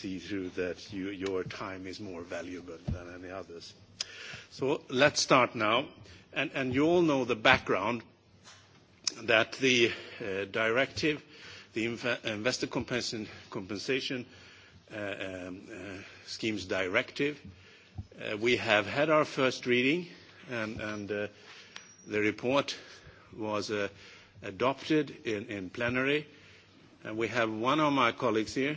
see through that your time is more valuable than any others. So let's start now. And you all know the background that the directive, the Investor Compensation Schemes Directive, we have had our first reading and the report was adopted in plenary. And we have one of my colleagues here,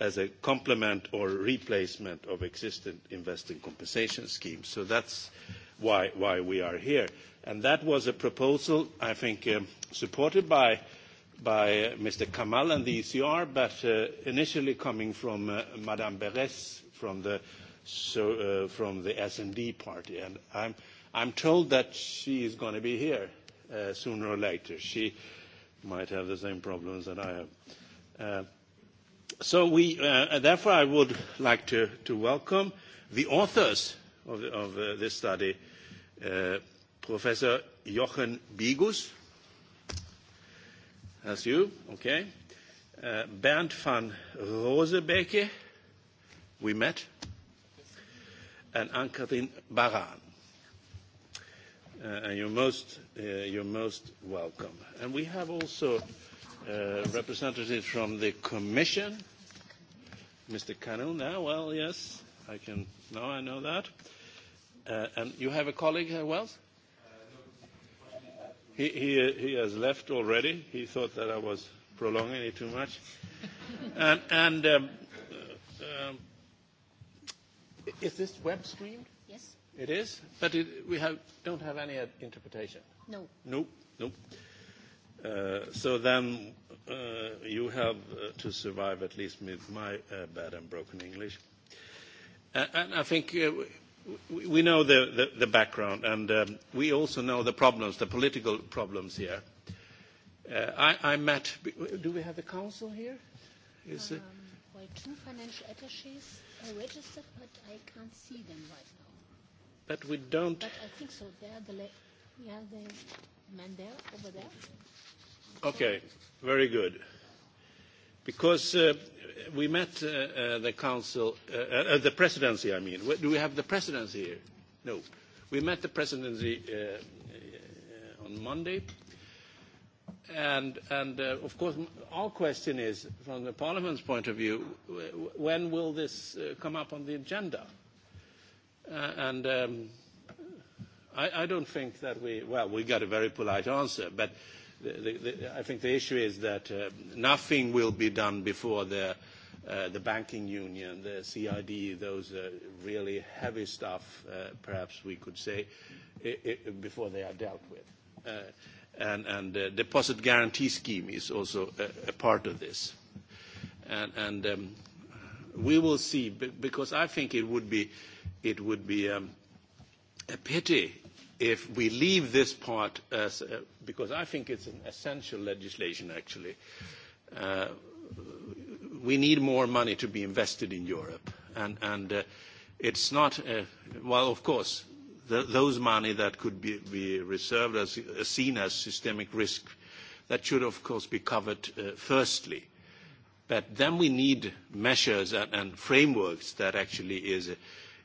as a complement or replacement of existing investing compensation schemes. So that's why we are here. And that was a proposal, I think, supported by Mr. Kamal and the ECR, but initially coming from Madame Beres from the S&D party. And I'm told that she is going to be here sooner or later. She might have the same problems that I have So we, therefore, I would like to welcome the authors of this study, Professor Jochen Bigus, that's you, okay, Bernd van Rosebeke, we met, and Ann-Kathrin Baran. And you're most welcome. And we have also Representative from the Commission. Mr. Canu now, well, yes, I can, now I know that. And you have a colleague, Wells? He he has left already. He thought that I was prolonging it too much. And is this web streamed? Yes. It is? But we have don't have any interpretation? No. Nope, nope. So then you have to survive, at least with my bad and broken English. And I think we know the the background, and we also know the problems, the political problems here. I I met. Do we have the council here? Is it? Well, two financial attaches are registered, but I can't see them right now. But we don't. But I think so. They are the. Yeah, the man there over there. Okay, very good. Because we met the council, the presidency, I mean. Do we have the presidency here? No. We met the presidency on Monday. And, of course, our question is, from the Parliament's point of view, when will this come up on the agenda? And I don't think that we, well, we got a very polite answer, but I think the issue is that nothing will be done before the the banking union, the CID, those really heavy stuff, perhaps we could say, before they are dealt with. And the deposit guarantee scheme is also a part of this. And we will see, because I think it would be a pity if we leave this part because I think it's an essential legislation actually we need more money to be invested in Europe and and it's not well of course those money that could be reserved as seen as systemic risk that should of course be covered firstly but then we need measures and frameworks that actually is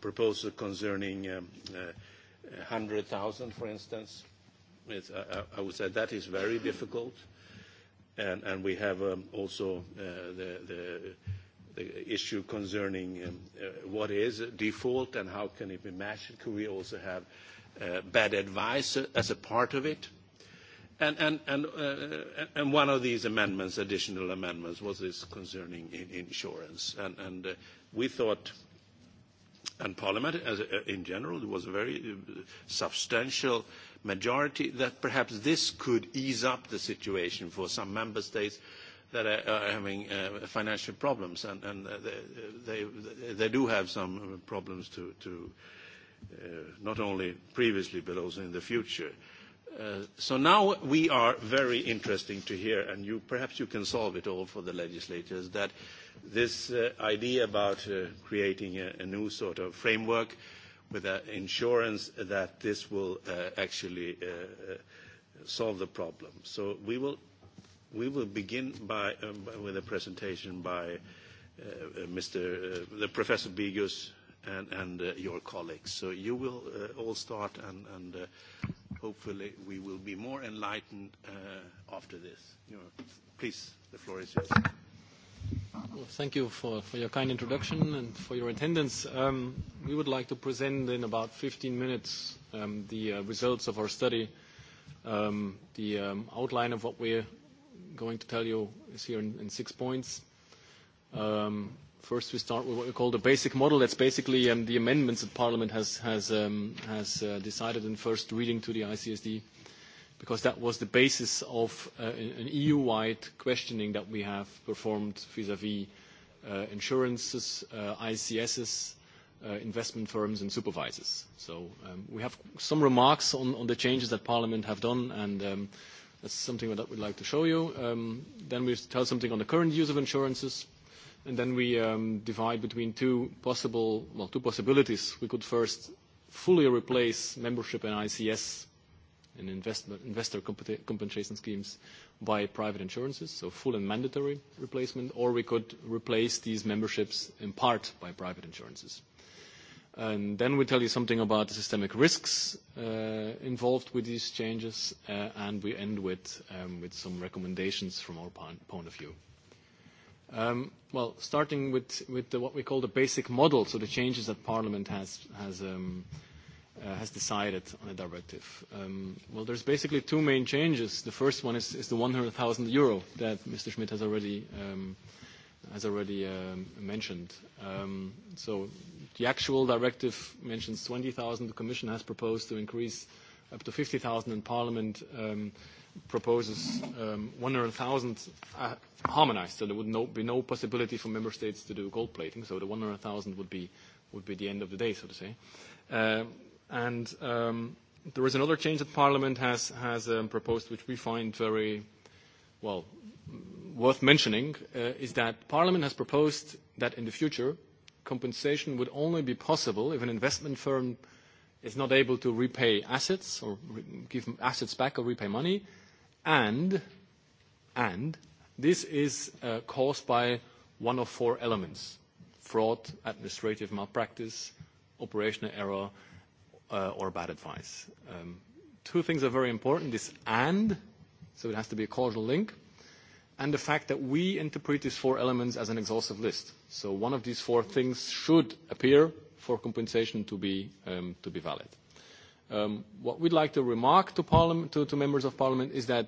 proposal concerning 100,000, for instance. I would say that is very difficult. And we have also the issue concerning what is default and how can it be matched. Could we also have bad advice as a part of it? And one of these amendments, additional amendments, was this concerning insurance. And we thought and Parliament in general. There was a very substantial majority that perhaps this could ease up the situation for some member states that are having financial problems, and they do have some problems to not only previously but also in the future. So now we are very interesting to hear, and you perhaps you can solve it all for the legislators, that this idea about creating a new sort of framework with an insurance that this will actually solve the problem. So we will we will begin by with a presentation by Mr. the Professor Bigus and your colleagues. So you will all start and hopefully we will be more enlightened after this. Please, the floor is yours. Thank you for your kind introduction and for your attendance. We would like to present in about 15 minutes the results of our study. The outline of what we're going to tell you is here in six points. First, we start with what we call the basic model. That's basically the amendments that Parliament has decided in first reading to the ICSD because that was the basis of an EU-wide questioning that we have performed vis-à-vis insurances, ICSs, investment firms, and supervisors. So we have some remarks on the changes that Parliament have done, and that's something that we'd like to show you. Then we tell something on the current use of insurances, and then we divide between two possible, well, two possibilities. We could first fully replace membership in ICS in investor compensation schemes by private insurances, so full and mandatory replacement, or we could replace these memberships in part by private insurances. then we tell you something about the systemic risks involved with these changes, and we end with some recommendations from our point of view. Well, starting with what we call the basic model, so the changes that Parliament has has decided on a directive. Well, there's basically two main changes. The first one is the 100,000 euro that Mr. Schmidt has already has already mentioned. So the actual directive mentions 20,000. The Commission has proposed to increase up to 50,000, and Parliament proposes 100,000 harmonized. So there would be no possibility for member states to do gold plating. So the 100,000 would be would be the end of the day, so to say. And there is another change that Parliament has has proposed, which we find very, well, worth mentioning, is that Parliament has proposed that in the future, compensation would only be possible if an investment firm is not able to repay assets or give assets back or repay money, and and this is caused by one of four elements: fraud, administrative malpractice, operational error or bad advice. Two things are very important, this and, so it has to be a causal link, and the fact that we interpret these four elements as an exhaustive list. So one of these four things should appear for compensation to be valid. What we'd like to remark to Parliament to members of parliament is that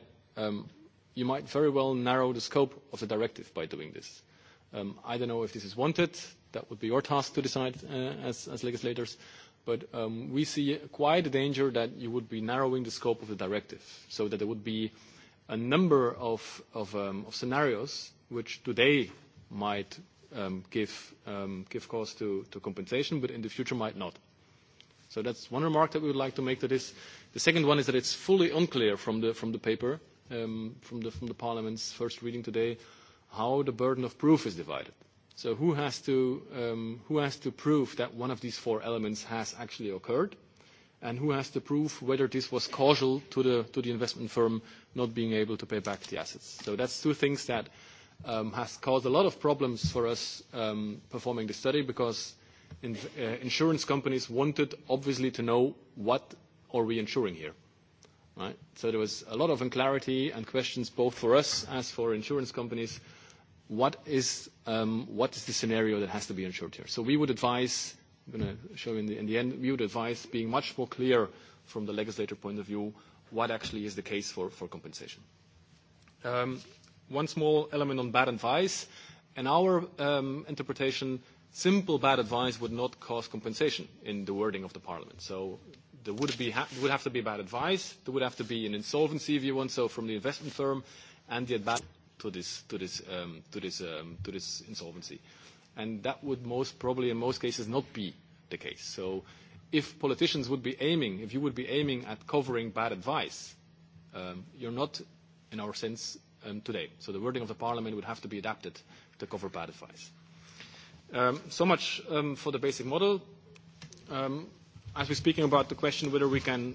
you might very well narrow the scope of the directive by doing this. I don't know if this is wanted. That would be your task to decide as legislators. But we see quite a danger that you would be narrowing the scope of the directive, so that there would be a number of scenarios which today might give cause to compensation, but in the future might not. So that's one remark that we would like to make to this. The second one is that it's fully unclear from the paper, from the Parliament's first reading today, how the burden of proof is divided. So who has to prove that one of these four elements has actually occurred, and who has to prove whether this was causal to the investment firm not being able to pay back the assets? So that's two things that has caused a lot of problems for us performing the study because insurance companies wanted, obviously, to know what are we insuring here. So there was a lot of unclarity and questions both for us as for insurance companies what is the scenario that has to be ensured here. So we would advise, I'm going to show you in the end, we would advise being much more clear from the legislator point of view what actually is the case for compensation. One small element on bad advice. In our interpretation, simple bad advice would not cause compensation in the wording of the parliament. So there would have to be bad advice, there would have to be an insolvency, if you want, so from the investment firm, and the to this to this to this to this insolvency and that would most probably in most cases not be the case so if politicians would be aiming if you would be aiming at covering bad advice you're not in our sense today so the wording of the parliament would have to be adapted to cover bad advice so much for the basic model as we're speaking about the question whether we can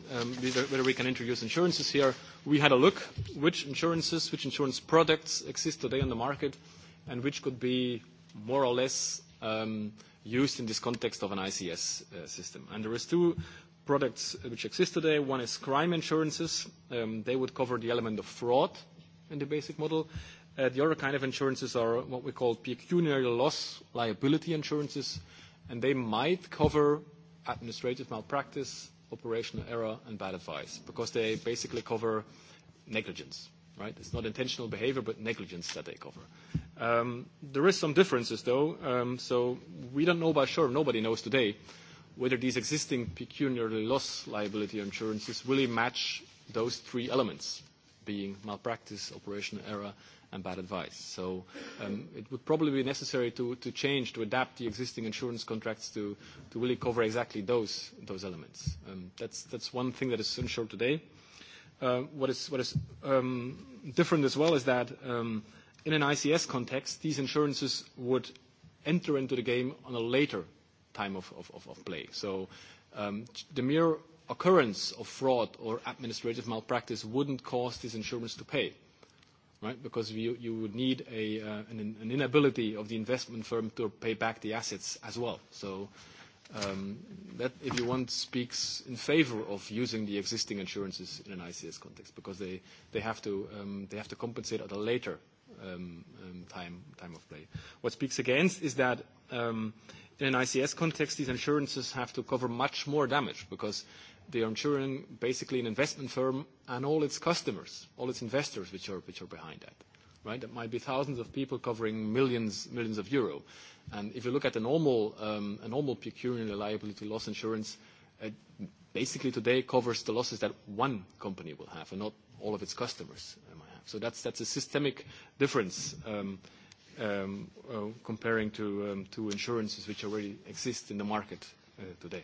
whether we can introduce insurances here, we had a look which insurances, which insurance products exist today on the market, and which could be more or less used in this context of an ICS system. And there is two products which exist today. One is crime insurances. They would cover the element of fraud in the basic model. The other kind of insurances are what we call pecuniary loss liability insurances, and they might cover administrative malpractice, operational error, and bad advice, because they basically cover negligence, right? It's not intentional behavior, but negligence that they cover. There is some differences, though, so we don't know by sure, nobody knows today, whether these existing pecuniary loss liability insurances really match those three elements, being malpractice, operational error, and bad advice. So it would probably be necessary to change, to adapt the existing insurance contracts to to really cover exactly those those elements. That's one thing that is ensured today. What is different as well is that in an ICS context, these insurances would enter into the game on a later time of play. So the mere occurrence of fraud or administrative malpractice wouldn't cause these insurance to pay right? Because you would need an inability of the investment firm to pay back the assets as well. So that, if you want, speaks in favor of using the existing insurances in an ICS context because they have to compensate at a later time of play. What speaks against is that in an ICS context, these insurances have to cover much more damage because They are insuring basically an investment firm and all its customers, all its investors which are behind that. Right? That might be thousands of people covering millions millions of euro. And if you look at a normal a normal pecuniary liability loss insurance, basically today covers the losses that one company will have and not all of its customers might have. So that's that's a systemic difference comparing to to insurances which already exist in the market today.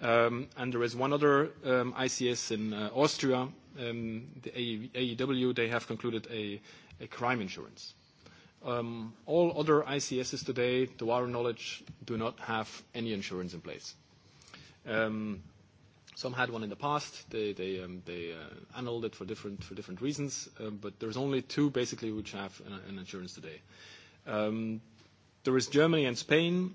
And there is one other ICS in Austria, the AEW. They have concluded a crime insurance. All other ICSs today, to our knowledge, do not have any insurance in place. Some had one in the past. They annulled it for different reasons. But there's only two, basically, which have an insurance today. There is Germany and Spain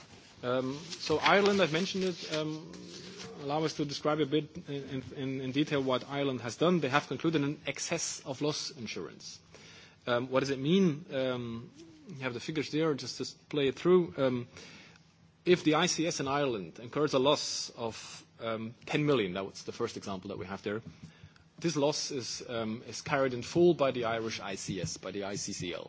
So Ireland, I've mentioned it. Allow us to describe a bit in detail what Ireland has done. They have concluded an excess of loss insurance. What does it mean? You have the figures there. Just to play it through. If the ICS in Ireland incurs a loss of 10 million, that was the first example that we have there, this loss is carried in full by the Irish ICS, by the ICCL.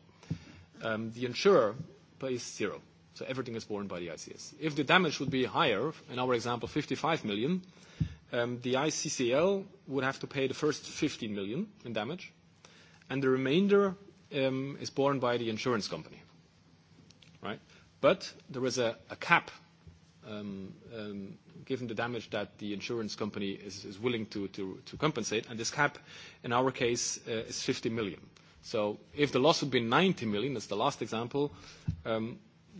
The insurer pays zero. So everything is borne by the ICS. If the damage would be higher, in our example, 55 million, the ICCL would have to pay the first 15 million in damage, and the remainder is borne by the insurance company. Right? But there is a cap given the damage that the insurance company is willing to compensate, and this cap, in our case, is 50 million. So if the loss would be 90 million, that's the last example,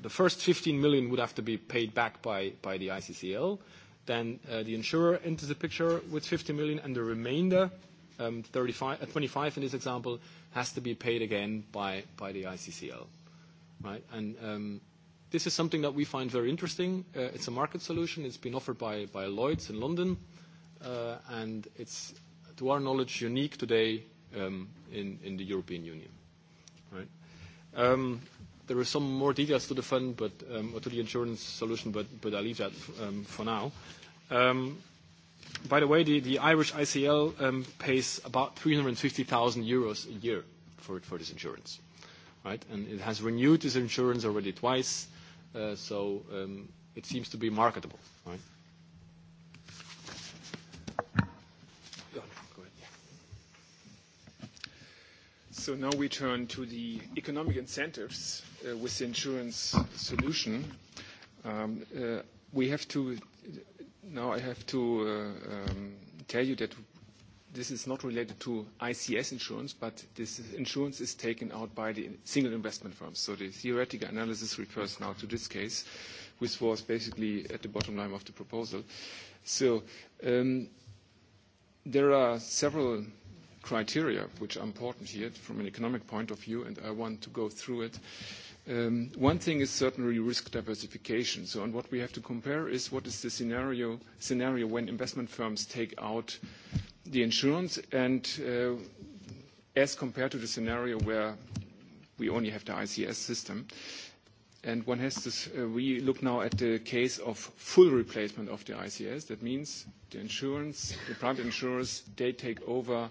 the first 15 million would have to be paid back by by the ICCL. Then the insurer enters the picture with 50 million, and the remainder, 25 in this example, has to be paid again by by the ICCL. Right? And this is something that we find very interesting. It's a market solution. It's been offered by by Lloyd's in London, and it's, to our knowledge, unique today in in the European Union. Right? There are some more details to the fund, but or to the insurance solution, but but I leave that for now. By the way, the Irish ICL pays about 350,000 euros a year for for this insurance, right? And it has renewed this insurance already twice, so it seems to be marketable, right? So now we turn to the economic incentives with the insurance solution. We have to now I have to tell you that this is not related to ICS insurance, but this insurance is taken out by the single investment firms. So the theoretical analysis refers now to this case, which was basically at the bottom line of the proposal. So there are several criteria which are important here from an economic point of view, and I want to go through it. One thing is certainly risk diversification. So what we have to compare is what is the scenario when investment firms take out the insurance, and as compared to the scenario where we only have the ICS system. And one has this, we look now at the case of full replacement of the ICS. That means the insurance, the private insurers, they take over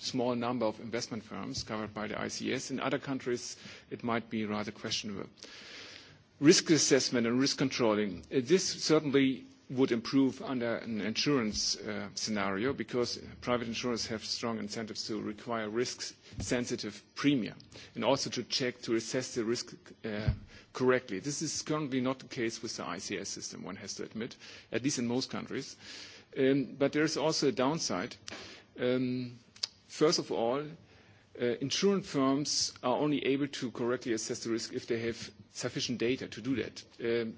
small number of investment firms covered by the ICS. In other countries, it might be rather questionable. Risk assessment and risk controlling. This certainly would improve under an insurance scenario because private insurers have strong incentives to require risk-sensitive premium and also to check to assess the risk correctly. This is currently not the case with the ICS system, one has to admit, at least in most countries. But there is also a downside. First of all, insurance firms are only able to correctly assess the risk if they have sufficient data to do that.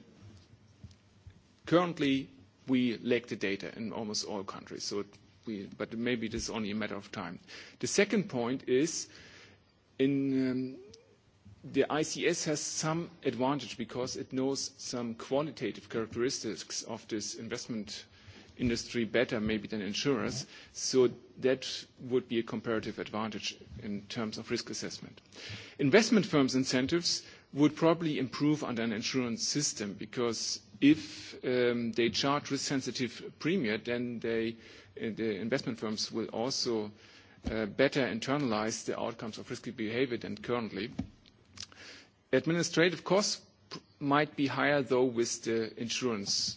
Currently, we lack the data in almost all countries, so but maybe it is only a matter of time. The second point is the ICS has some advantage because it knows some qualitative characteristics of this investment industry better maybe than insurers. So that would be a comparative advantage in terms of risk assessment. Investment firms' incentives would probably improve under an insurance system because if they charge risk-sensitive premium, then the investment firms will also better internalize the outcomes of risky behavior than currently. Administrative costs might be higher, though, with the insurance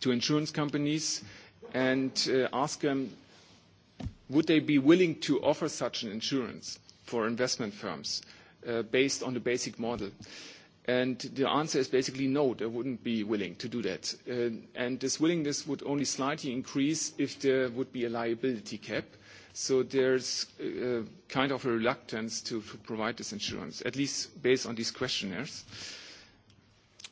to insurance companies and ask them would they be willing to offer such an insurance for investment firms based on the basic model. And the answer is basically no, they wouldn't be willing to do that. And this willingness would only slightly increase if there would be a liability cap. So there's kind of a reluctance to provide this insurance, at least based on these questionnaires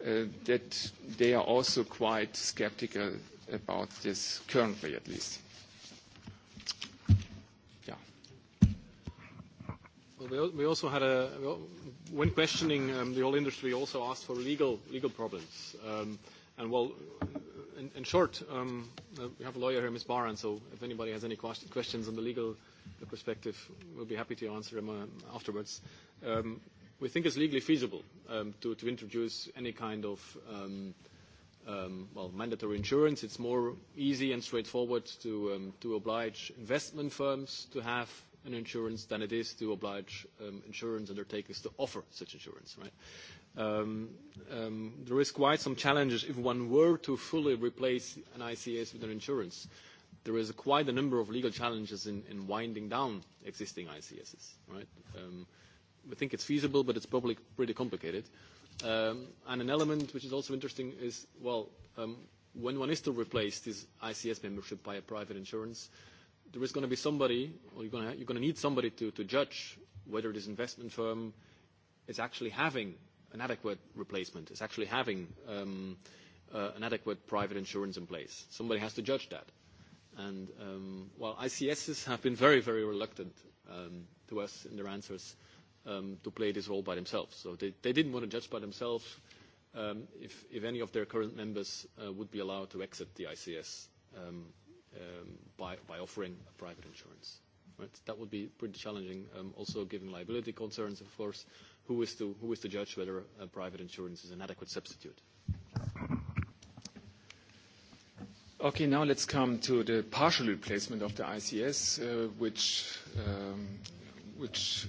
that they are also quite skeptical about this currently at least. We also had a, when questioning the whole industry, also asked for legal legal problems. And well, in short, we have a lawyer here, Ms. Baran, so if anybody has any questions on the legal perspective, we'll be happy to answer them afterwards we think it's legally feasible to introduce any kind of well mandatory insurance. It's more easy and straightforward to oblige investment firms to have an insurance than it is to oblige insurance undertakers to offer such insurance. Right? There is quite some challenges if one were to fully replace an ICS with an insurance. There is quite a number of legal challenges in winding down existing ICSs we think it's feasible, but it's probably pretty complicated. And an element which is also interesting is, well, when one is to replace this ICS membership by a private insurance, there is going to be somebody, or you're going to need somebody to judge whether this investment firm is actually having an adequate replacement, is actually having an adequate private insurance in place. Somebody has to judge that. And, well, ICSs have been very, very reluctant to us in their answers to play this role by themselves. So they didn't want to judge by themselves if any of their current members would be allowed to exit the ICS by offering private insurance. That would be pretty challenging, also given liability concerns, of course. Who is to judge whether private insurance is an adequate substitute? Okay, now let's come to the partial replacement of the ICS, which which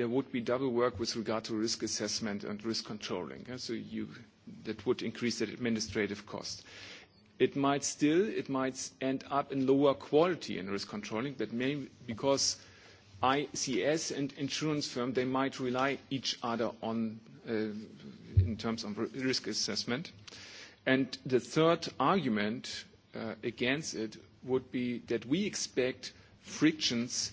there would be double work with regard to risk assessment and risk controlling. So that would increase the administrative cost. It might still, might end up in lower quality in risk controlling, that may because ICS and insurance firm, they might rely each other on in terms of risk assessment. And the third argument against it would be that we expect frictions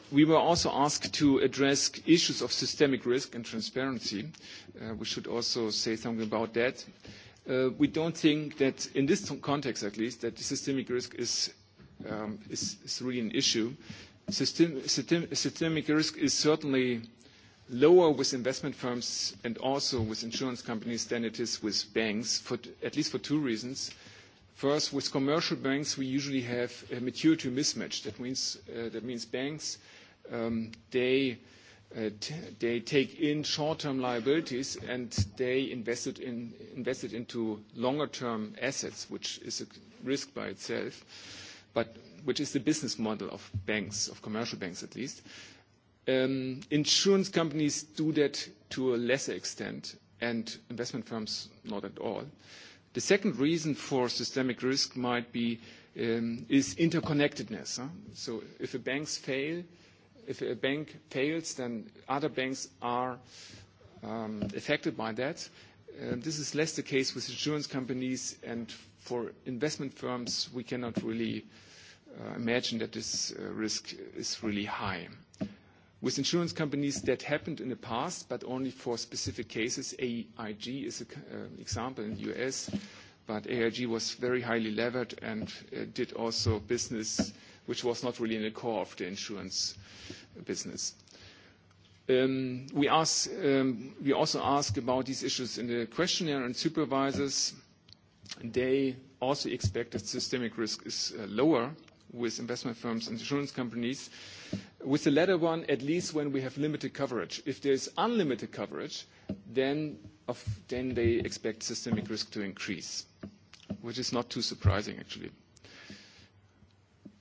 We were also asked to address issues of systemic risk and transparency. We should also say something about that. We don't think that, in this context at least, that systemic risk is really an issue. Systemic risk is certainly lower with investment firms and also with insurance companies than it is with banks, at least for two reasons. First, with commercial banks, we usually have a maturity mismatch. That means banks they take in short-term liabilities and they invest it into longer-term assets, which is a risk by itself, but which is the business model of banks, of commercial banks at least. Insurance companies do that to a lesser extent and investment firms not at all. The second reason for systemic risk might be is interconnectedness. So if the banks fail, if a bank fails, then other banks are affected by that. This is less the case with insurance companies, and for investment firms, we cannot really imagine that this risk is really high. With insurance companies, that happened in the past, but only for specific cases. AIG is an example in the U.S., but AIG was very highly levered and did also business which was not really in the core of the insurance business. We also ask about these issues in the questionnaire and supervisors. They also expect that systemic risk is lower with investment firms and insurance companies. With the latter one, at least when we have limited coverage. If there is unlimited coverage, then they expect systemic risk to increase, which is not too surprising, actually.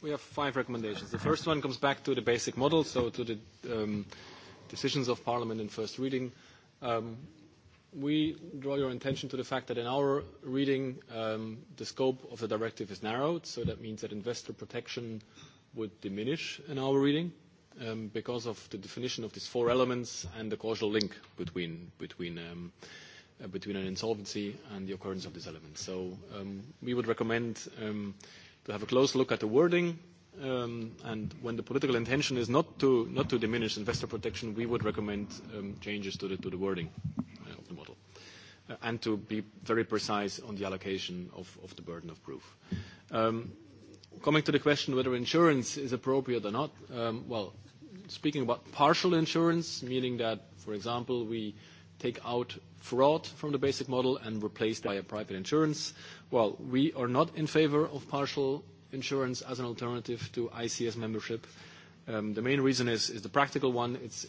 We have five recommendations. The first one comes back to the basic model, so to the decisions of Parliament in first reading. We draw your attention to the fact that in our reading, the scope of the directive is narrowed, so that means that investor protection would diminish in our reading because of the definition of these four elements and the causal link between between between an insolvency and the occurrence of these elements. So we would recommend to have a close look at the wording. And when the political intention is not to not to diminish investor protection, we would recommend changes to the to the wording of the model, and to be very precise on the allocation of of the burden of proof. Coming to the question whether insurance is appropriate or not, well, speaking about partial insurance, meaning that, for example, we take out fraud from the basic model and replace by a private insurance well, we are not in favor of partial insurance as an alternative to ICS membership. The main reason is the practical one. It's,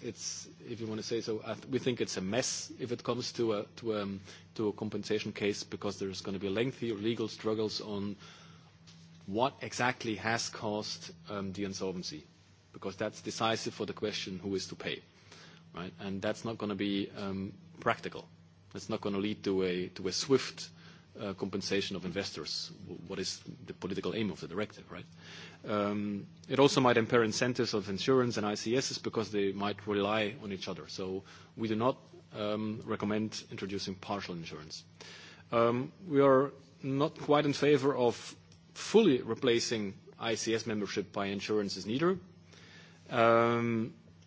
if you want to say so, we think it's a mess if it comes to a compensation case because is going to be lengthy legal struggles on what exactly has caused the insolvency, because that's decisive for the question who is to pay, And that's not going to be practical. It's not going to lead to a swift compensation of investors. What is the political aim of the directive, right? It also might impair incentives of insurance and ICSs because they might rely on each other. So we do not recommend introducing partial insurance. We are not quite in favor of fully replacing ICS membership by insurances neither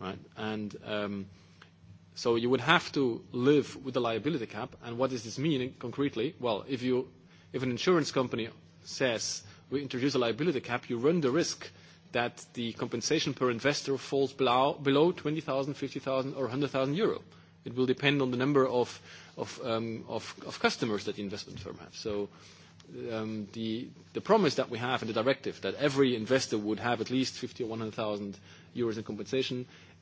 right? And so you would have to live with the liability cap. And what does this mean concretely? Well, if an insurance company says we introduce a liability cap, you run the risk that the compensation per investor falls below 20,000, 50,000 or 100,000 euro. It will depend on the number of of customers that the investment firm has. So the promise that we have in the directive that every investor would have at least 50 or 100,000 euros in compensation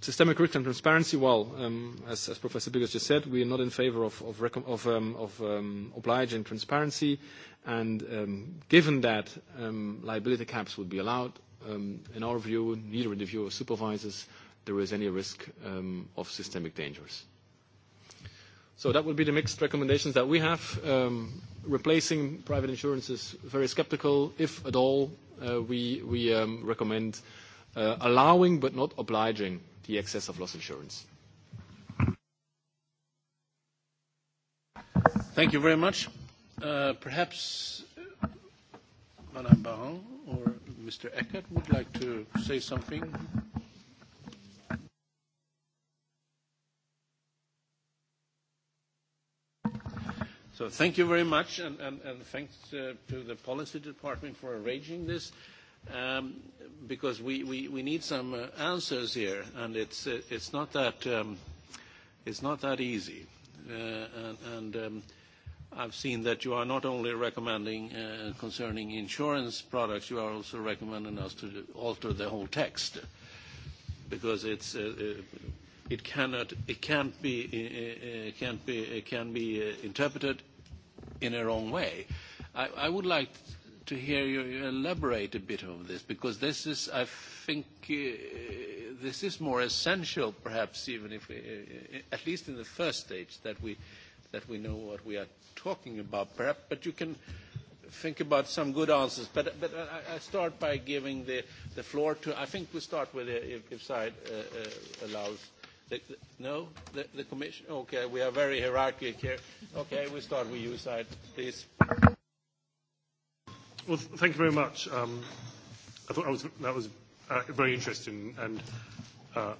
Systemic risk and transparency, well, as Professor Biggers just said, we are not in favor of obliging transparency, and given that liability caps would be allowed, in our view, neither in the view of supervisors, there is any risk of systemic dangers. So that would be the mixed recommendations that we have. Replacing private insurance is very skeptical. If at all, we recommend allowing but not obliging the excess of loss insurance. Thank you very much. Perhaps Madame Baron or Mr. Eckert would like to say something. So thank you very much, and thanks to the policy department for arranging this because we need some answers here, and it's not that easy. And I've seen that you are not only recommending concerning insurance products, you are also recommending us to alter the whole text, because it's it cannot it can't be it can't be it can be interpreted in a wrong way. I would like to hear you elaborate a bit on this, because this is, I think, this is more essential, perhaps, even if, at least in the first stage, that we that we know what we are talking about, perhaps. But you can think about some good answers. But but I start by giving the the floor to. I think we start with if side allows. No, the the commission. Okay, we are very hierarchic here. Okay, we start with you, side, please. Well, thank you very much. Um, I thought that was, that was uh, very interesting and uh,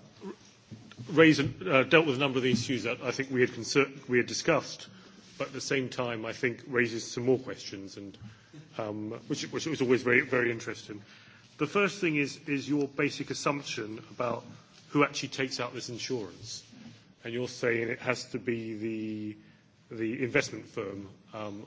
raised uh, dealt with a number of the issues that I think we had, we had discussed, but at the same time, I think raises some more questions, and um, which, which was always very, very interesting. The first thing is, is your basic assumption about who actually takes out this insurance, and you're saying it has to be the the investment firm um,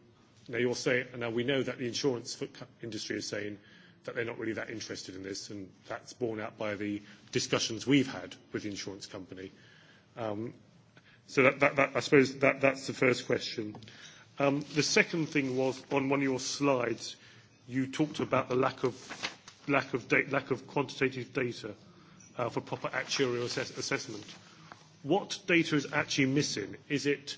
Now you're saying, now we know that the insurance industry is saying that they're not really that interested in this, and that's borne out by the discussions we've had with the insurance company. So that, I suppose that, that's the first question. the second thing was on one of your slides, you talked about the lack of, lack of, quantitative data for proper actuarial assessment. What data is actually missing? Is it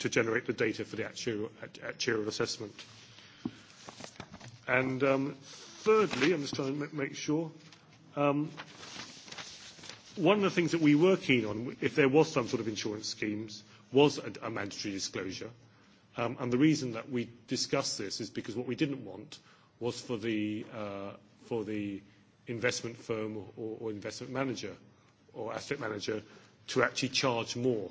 to generate the data for the actuarial assessment. And thirdly, I'm just trying to make sure, one of the things that we were keen on, if there was some sort of insurance schemes, was a mandatory disclosure. And the reason that we discussed this is because what we didn't want was for the for the investment firm or investment manager or asset manager to actually charge more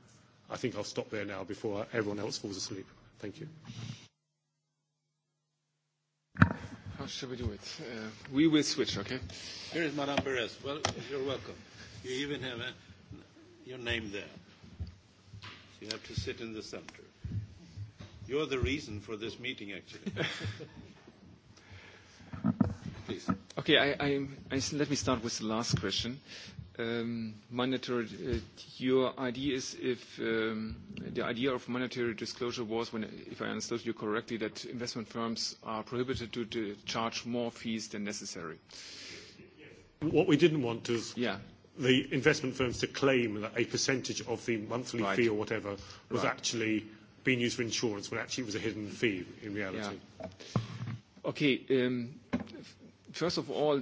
I think I'll stop there now before everyone else falls asleep. Thank you. How shall we do it? We will switch, okay? Here is Madame Berès. Well, you're welcome. You even have your name there. You have to sit in the center. You're the reason for this meeting, actually. Please. Okay, I let me start with the last question your idea is if the idea of monetary disclosure was, if I understood you correctly, that investment firms are prohibited to charge more fees than necessary. What we didn't want is the investment firms to claim that a percentage of the monthly fee or whatever was actually being used for insurance, when actually it was a hidden fee in reality. Okay. First of all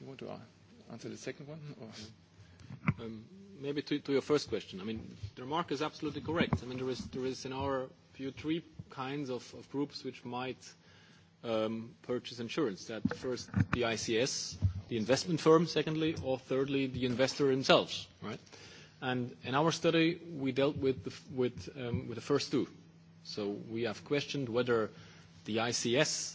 You want to answer the second one? Maybe to your first question. I mean, the remark is absolutely correct. I mean, there is, in our view, three kinds of groups which might purchase insurance. That first, the ICS, the investment firm, secondly, or thirdly, the investor themselves, right? And in our study, we dealt with the first two. So we have questioned whether the ICS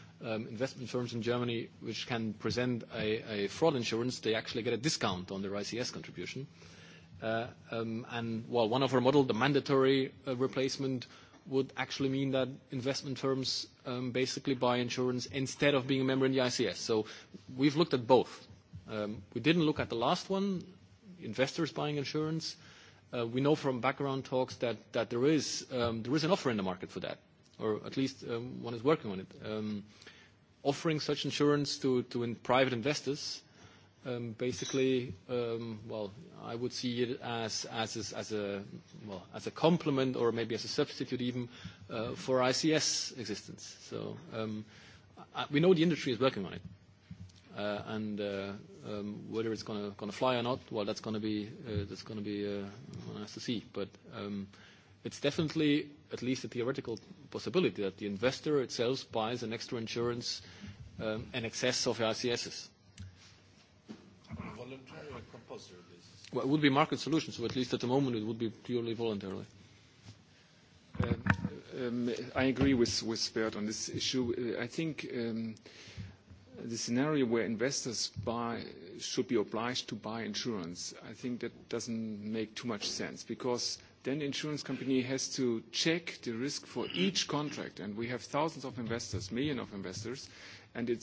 investment firms in Germany which can present a fraud insurance, they actually get a discount on their ICS contribution. And while one of our models, the mandatory replacement, would actually mean that investment firms basically buy insurance instead of being a member in the ICS. So we've looked at both. We didn't look at the last one, investors buying insurance. We know from background talks that there is an offer in the market for that or at least one is working on it. Offering such insurance to private investors, basically, well, I would see it as a complement or maybe as a substitute even for ICS existence. So we know the industry is working on it. And whether it's going to fly or not, well, that's going to be one has to see. But it's definitely, at least a theoretical possibility that the investor itself buys an extra insurance in excess of ICSs. Voluntary or compulsory basis? Well, it would be market solutions, so at least at the moment it would be purely voluntary. I agree with Bert on this issue. I think the scenario where investors buy should be obliged to buy insurance, I think that doesn't make too much sense because then the insurance company has to check the risk for each contract. And we have thousands of investors, millions of investors, and it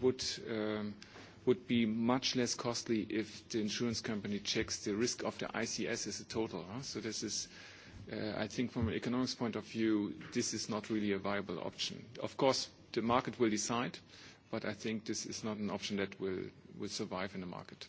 would be much less costly if the insurance company checks the risk of the ICS as a total. So this is, I think, from an economics point of view, this is not really a viable option. Of course, the market will decide, but I think this is not an option that will will survive in the market.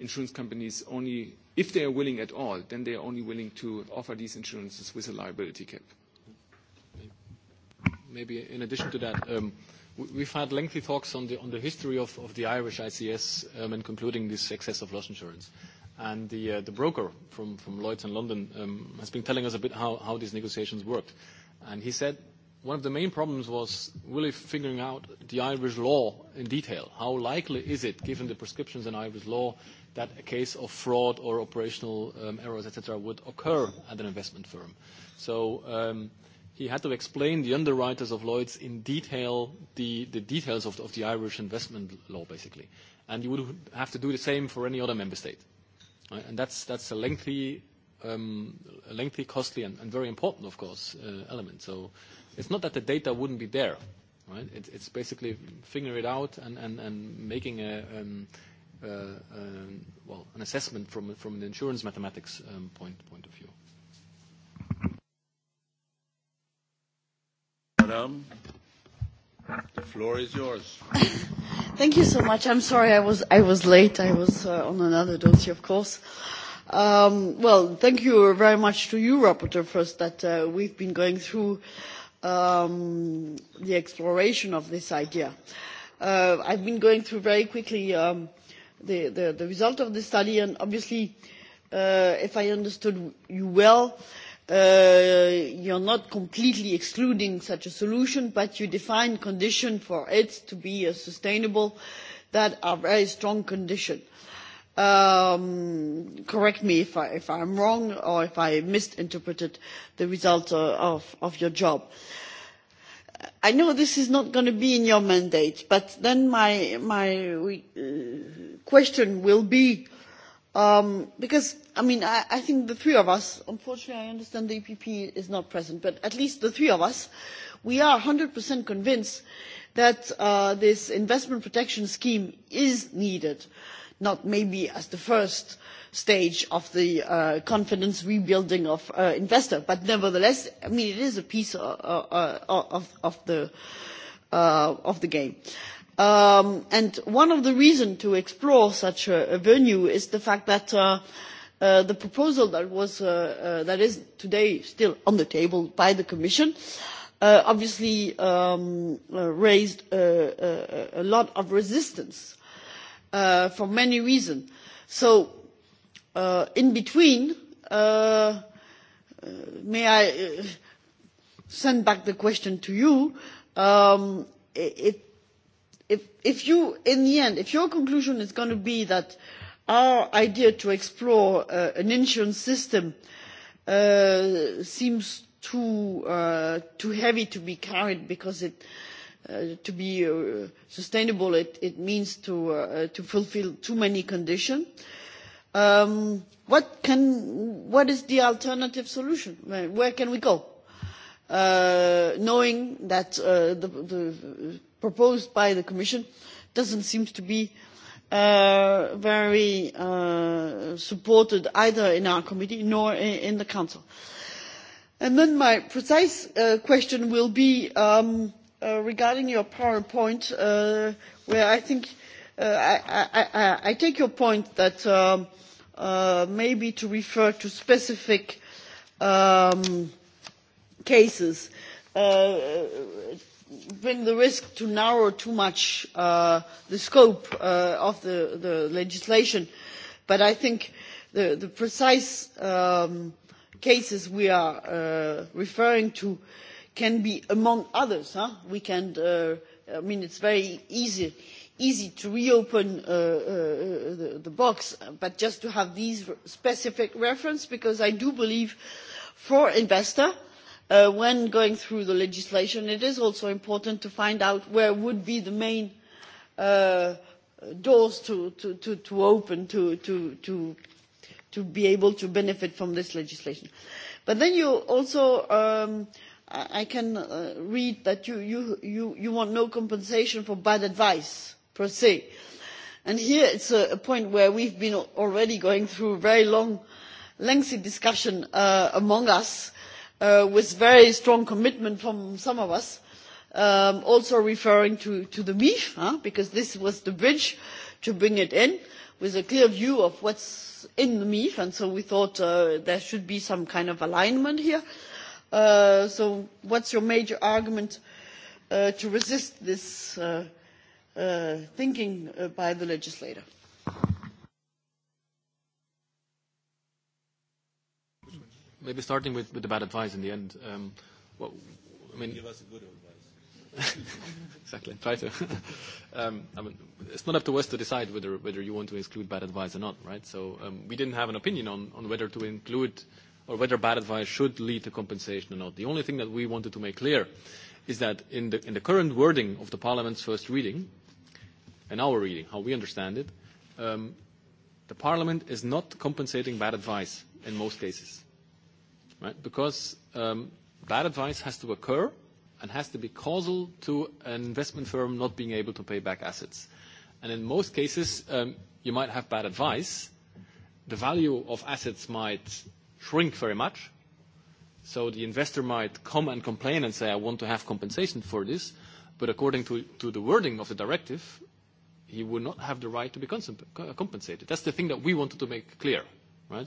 insurance companies only, if they are willing at all, then they are only willing to offer these insurances with a liability cap. Maybe in addition to that, we've had lengthy talks on the history of the Irish ICS and concluding this excess of loss insurance. And the broker from Lloyd's in London has been telling us a bit how these negotiations worked. And he said one of the main problems was really figuring out the Irish law in detail. How likely is it, given the prescriptions in Irish law, that a case of fraud or operational errors, etc., would occur at an investment firm. So he had to explain the underwriters of Lloyd's in detail the details of the Irish investment law, basically. And you would have to do the same for any other member state. And that's a lengthy, costly, and very important, of course, element. So it's not that the data wouldn't be there. It's basically figuring it out and making a an assessment from an insurance mathematics point of view. Madam, the floor is yours. Thank you so much. I'm sorry was I was late. I was on another dossier, of course. Well, thank you very much to you, Rapporteur, first that we've been going through the exploration of this idea. I've been going through very quickly the result of the study and obviously if I understood you well you are not completely excluding such a solution but you define conditions for it to be a sustainable that are very strong condition. Correct me if I if am wrong or if I misinterpreted the result of your job. I know this is not going to be in your mandate, but then my my question will be, because I mean I think the three of us, unfortunately I understand the EPP is not present, but at least the three of us, we are 100% convinced that this investment protection scheme is needed not maybe as the first stage of the confidence rebuilding of investors but nevertheless I mean it is a piece of the game. And one of the reasons to explore such a venue is the fact that the proposal that is today still on the table by the commission obviously raised a lot of resistance for many reasons. So in between, may I send back the question to you. If you, in the end, if your conclusion is going to be that our idea to explore an insurance system seems too heavy to be carried because it to be sustainable it means to fulfil too many conditions. What is the alternative solution? Where can we go? Knowing that the proposed by the Commission doesn't seem to be very supported either in our committee nor in the Council. And then my precise question will be regarding your PowerPoint, where I think I take your point that maybe to refer to specific cases bring the risk to narrow too much the scope of the legislation. But I think the precise cases we are referring to can be among others we can i mean it's very easy easy to reopen the box but just to have these specific reference because i do believe for investor when going through the legislation it is also important to find out where would be the main doors to open to be able to benefit from this legislation. but then you also I can read that you want no compensation for bad advice per se, and here it's a point where we've been already going through a very long, lengthy discussion among us, with very strong commitment from some of us, also referring to the MIF, because this was the bridge to bring it in, with a clear view of what's in the MIF, and so we thought there should be some kind of alignment here So what's your major argument to resist this thinking by the legislator? Maybe starting with the bad advice in the end. I mean, give us good advice. Exactly. Try to. I mean, it's not up to us to decide whether whether you want to exclude bad advice or not, right? So we didn't have an opinion on on whether to include or whether bad advice should lead to compensation or not. The only thing that we wanted to make clear is that in the current wording of the Parliament's first reading, in our reading, how we understand it, the Parliament is not compensating bad advice in most cases. Because bad advice has to occur and has to be causal to an investment firm not being able to pay back assets. And in most cases, you might have bad advice. The value of assets might shrink very much. So the investor might come and complain and say, I want to have compensation for this, but according to the wording of the directive, he would not have the right to be compensated. That's the thing that we wanted to make clear, right?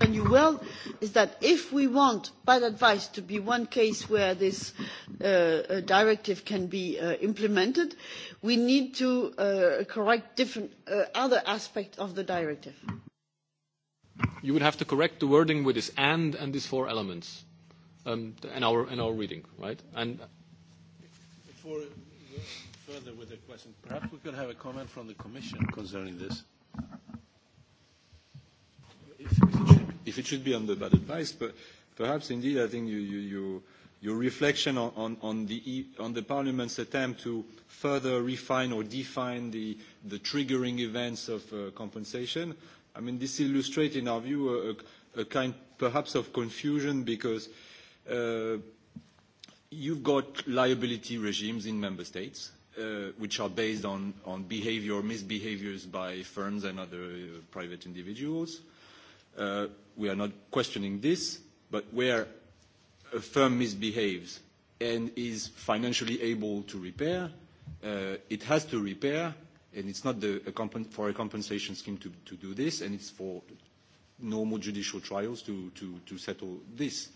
And you well is that if we want bad advice to be one case where this directive can be implemented, we need to correct different other aspects of the directive you would have to correct the wording with this and and these four elements in our in our reading, right? And before further with the question, perhaps we could have a comment from the Commission concerning this. If it should be under bad advice, but perhaps indeed I think you you you your reflection on the Parliament's attempt to further refine or define the triggering events of compensation I mean, this illustrates, in our view, a kind perhaps of confusion because you've got liability regimes in member states which are based on on behavior or misbehaviors by firms and other private individuals. We are not questioning this, but where a firm misbehaves and is financially able to repair, it has to repair and it's not for a compensation scheme to do this, and it's for normal judicial trials to settle this.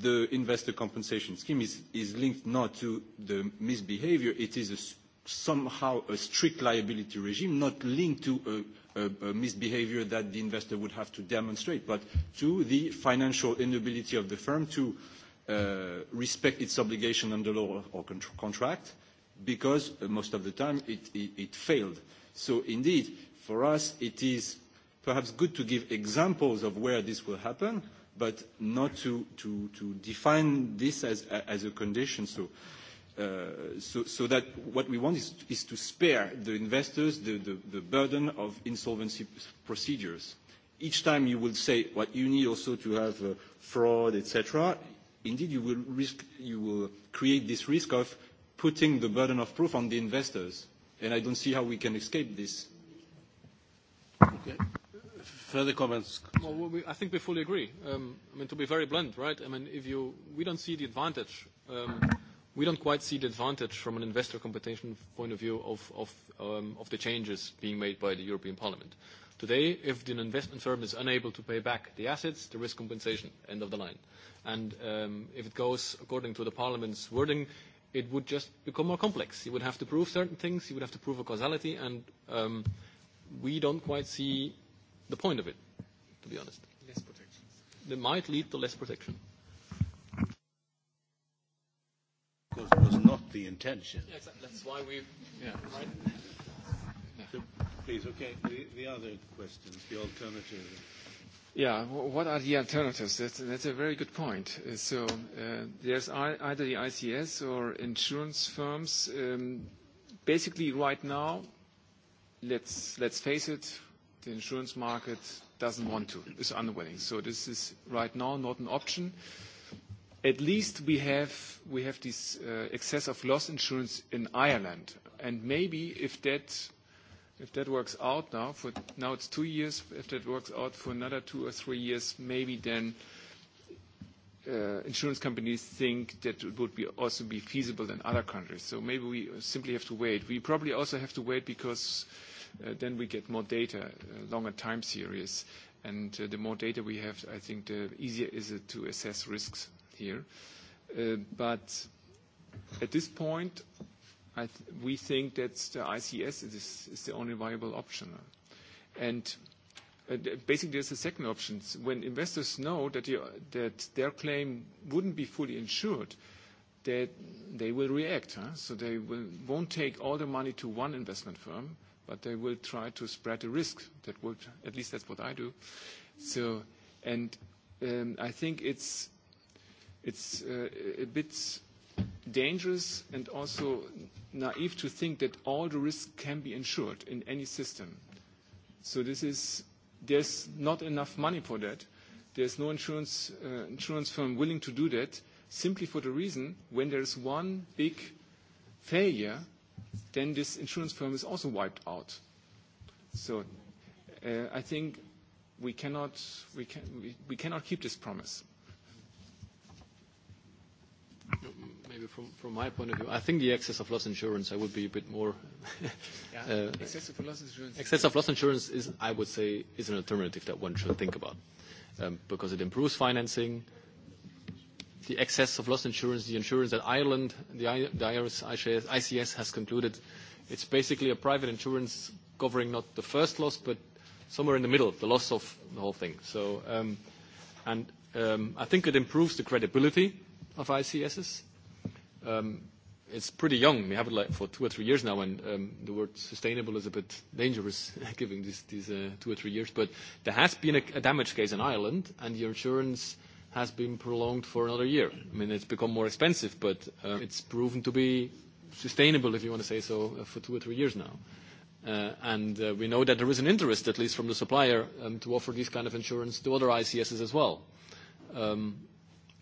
The investor compensation scheme is linked not to the misbehavior. It is somehow a strict liability regime, not linked to a misbehavior that the investor would have to demonstrate, but to the financial inability of the firm to respect its obligation under law or contract because most of the time it failed. So indeed, for us, it is perhaps good to give examples of where this will happen, but not to define this as a condition. So that what we want is to spare the investors the burden of insolvency procedures. Each time you will say what you need also to have fraud, etc., indeed you will create this risk of putting the burden of proof on the investors, and I don't see how we can escape this. Further comments? I think we fully agree. I mean, to be very blunt, right? I mean, if you, we don't see the advantage. We don't quite see the advantage from an investor competition point of view of the changes being made by the European Parliament. Today, if an investment firm is unable to pay back the assets, there is compensation, end of the line. And if it goes according to the Parliament's wording, it would just become more complex. You would have to prove certain things, you would have to prove a causality, and we don't quite see the point of it, to be honest. Less protection. They might lead to less protection. Because it was not the intention. Exactly. that's why we... Yeah. Please, okay, the other questions, the alternative. Yeah, what are the alternatives? That's a very good point. So there's either the ICS or insurance firms. Basically, right now, let's face it, the insurance market doesn't want to, is unwilling. So this is right now not an option. At least we have this excess of loss insurance in Ireland. And maybe if that If that works out now, for now it's two years. If that works out for another two or three years, maybe then insurance companies think that it would be also be feasible in other countries. So maybe we simply have to wait. We probably also have to wait because then we get more data, longer time series. And the more data we have, I think the easier is it to assess risks here. But at this point, we think that the ICS is the only viable option. And basically, there's a second option. When investors know that their claim wouldn't be fully insured, they will react. So they won't take all the money to one investment firm, but they will try to spread the risk. That at least that's what I do. So, and I think it's a bit dangerous and also naive to think that all the risks can be insured in any system. So this is, there's not enough money for that. There's no insurance firm willing to do that simply for the reason when there is one big failure, then this insurance firm is also wiped out. So I think we cannot we cannot keep this promise maybe from my point of view. I think the excess of loss insurance, I would be a bit more. Excess of loss insurance. Excess of loss insurance is, I would say, is an alternative that one should think about because it improves financing. The excess of loss insurance, the insurance that Ireland, the Irish ICS has concluded, it's basically a private insurance covering not the first loss, but somewhere in the middle, the loss of the whole thing. So, and I think it improves the credibility of ICSs. It's pretty young. We have it like for two or three years now, and the word sustainable is a bit dangerous giving these two or three years. But there has been a damage case in Ireland, and the insurance has been prolonged for another year. I mean, it's become more expensive, but it's proven to be sustainable, if you want to say so, for two or three years now. And we know that there is an interest, at least from the supplier, to offer this kind of insurance to other ICSs as well.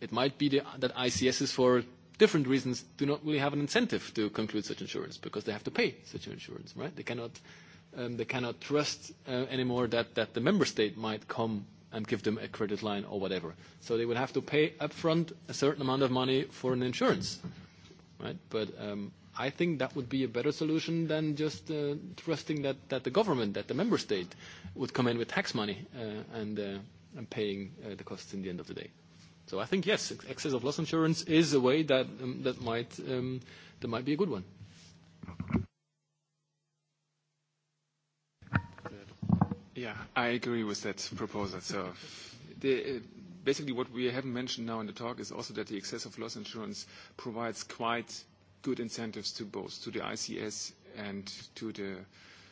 It might be that ICSs for different reasons, do not really have an incentive to conclude such insurance because they have to pay such insurance, right? They cannot, they cannot trust anymore that, that the member state might come and give them a credit line or whatever. So they would have to pay upfront a certain amount of money for an insurance, right? But I think that would be a better solution than just trusting that, that the government, that the member state would come in with tax money and, and paying the costs in the end of the day. So I think, yes, excess of loss insurance is a way that that might that might be a good one. Yeah, I agree with that proposal. So basically what we haven't mentioned now in the talk is also that the excess of loss insurance provides quite good incentives to both, to the ICS and to the,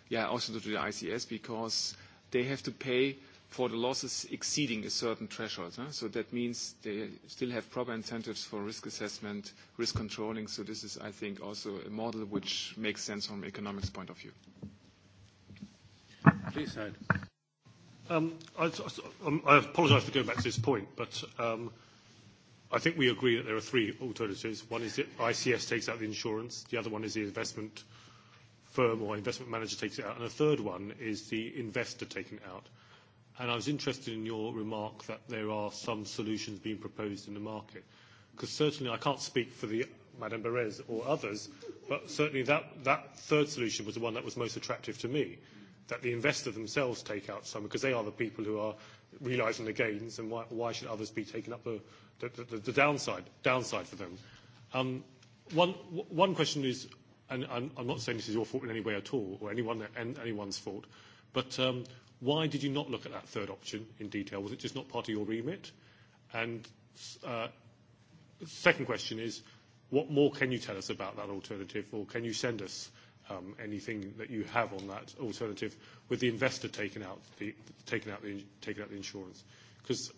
yeah, also to the ICS because they have to pay for the losses exceeding a certain threshold. So that means they still have proper incentives for risk assessment, risk controlling. So this is, I think, also a model which makes sense from an economics point of view. Please, Ed. I apologize for going back to this point, but I think we agree that there are three alternatives. One is that ICS takes out the insurance. The other one is the investment firm or investment manager takes it out. And the third one is the investor taking it out. And I was interested in your remark that there are some solutions being proposed in the market, because certainly I can't speak for the Madame Berez or others, but certainly that that third solution was the one that was most attractive to me, that the investor themselves take out some, because they are the people who are realising the gains, and why why should others be taking up the the downside downside for them? Um, one one question is, and I'm not saying this is your fault in any way at all, or anyone anyone's fault, but Why did you not look at that third option in detail? Was it just not part of your remit? And second question is, what more can you tell us about that alternative, or can you send us anything that you have on that alternative with the investor taking out the out the out the insurance? Because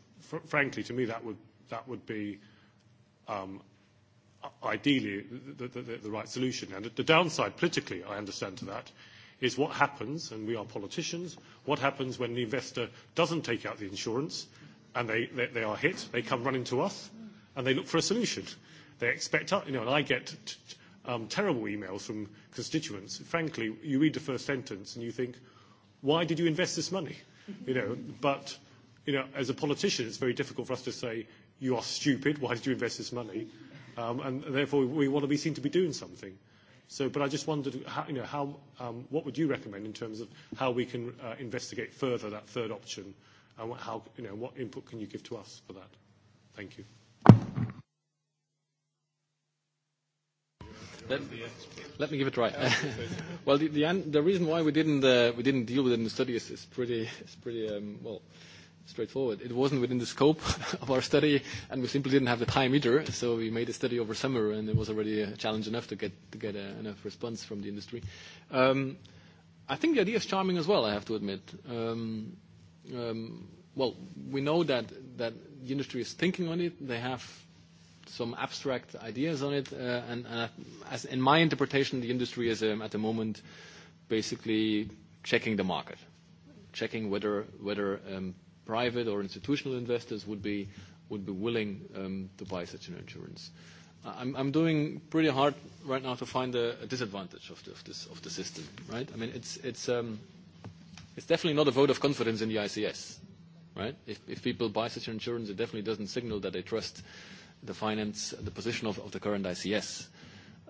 frankly, to me, that would that would be ideally the right solution. And the downside politically, I understand to that, is what happens, and we are politicians, what happens when the investor doesn't take out the insurance and they are hit, they come running to us and they look for a solution. They expect, you know, and I get terrible emails from constituents. Frankly, you read the first sentence and you think, why did you invest this money? You know, but, you know, as a politician, it's very difficult for us to say, you are stupid, why did you invest this money? And therefore, we want to be seen to be doing something. So, but I just wondered, you know, how, what would you recommend in terms of how we can investigate further that third option, and what, how, you know, what input can you give to us for that? Thank you. Let me give it a Well, the reason why we didn't deal with it in the study is pretty, well, straightforward. It wasn't within the scope of our study, and we simply didn't have the time either. So we made a study over summer, and it was already a challenge enough to get enough response from the industry. I think the idea is charming as well. I have to admit. Well, we know that that the industry is thinking on it. They have some abstract ideas on it, and as in my interpretation, the industry is at the moment basically checking the market, checking whether whether private or institutional investors would be willing to buy such an insurance. I'm doing pretty hard right now to find a disadvantage of the system, right? I mean, it's definitely not a vote of confidence in the ICS, right? If people buy such an insurance, it definitely doesn't signal that they trust the finance, the position of the current ICS.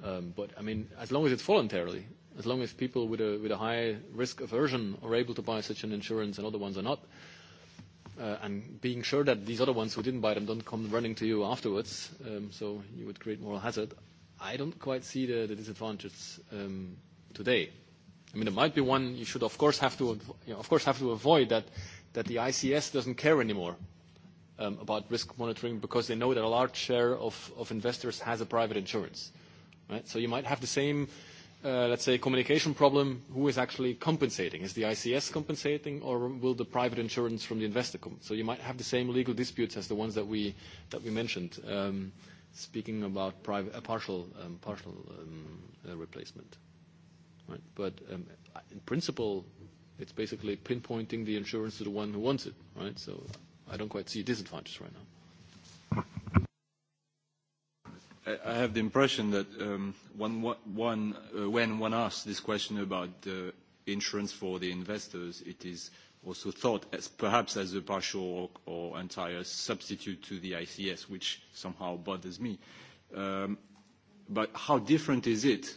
But I mean, as long as it's voluntarily, as long as people with a high risk aversion are able to buy such an insurance and other ones are not and being sure that these other ones who didn't buy them don't come running to you afterwards, so you would create moral hazard. I don't quite see the disadvantages today. I mean, there might be one you should, of course, have to of course have to avoid that that the ICS doesn't care anymore about risk monitoring because they know that a large share of investors has a private insurance. So you might have the same let's say, communication problem, who is actually compensating? Is the ICS compensating, or will the private insurance from the investor come? So you might have the same legal disputes as the ones that we mentioned, speaking about private partial partial replacement. Right? But in principle, it's basically pinpointing the insurance to the one who wants it. Right? So I don't quite see a disadvantage right now. I have the impression that when one asks this question about insurance for the investors, it is also thought as perhaps as a partial or entire substitute to the ICS, which somehow bothers me. But how different is it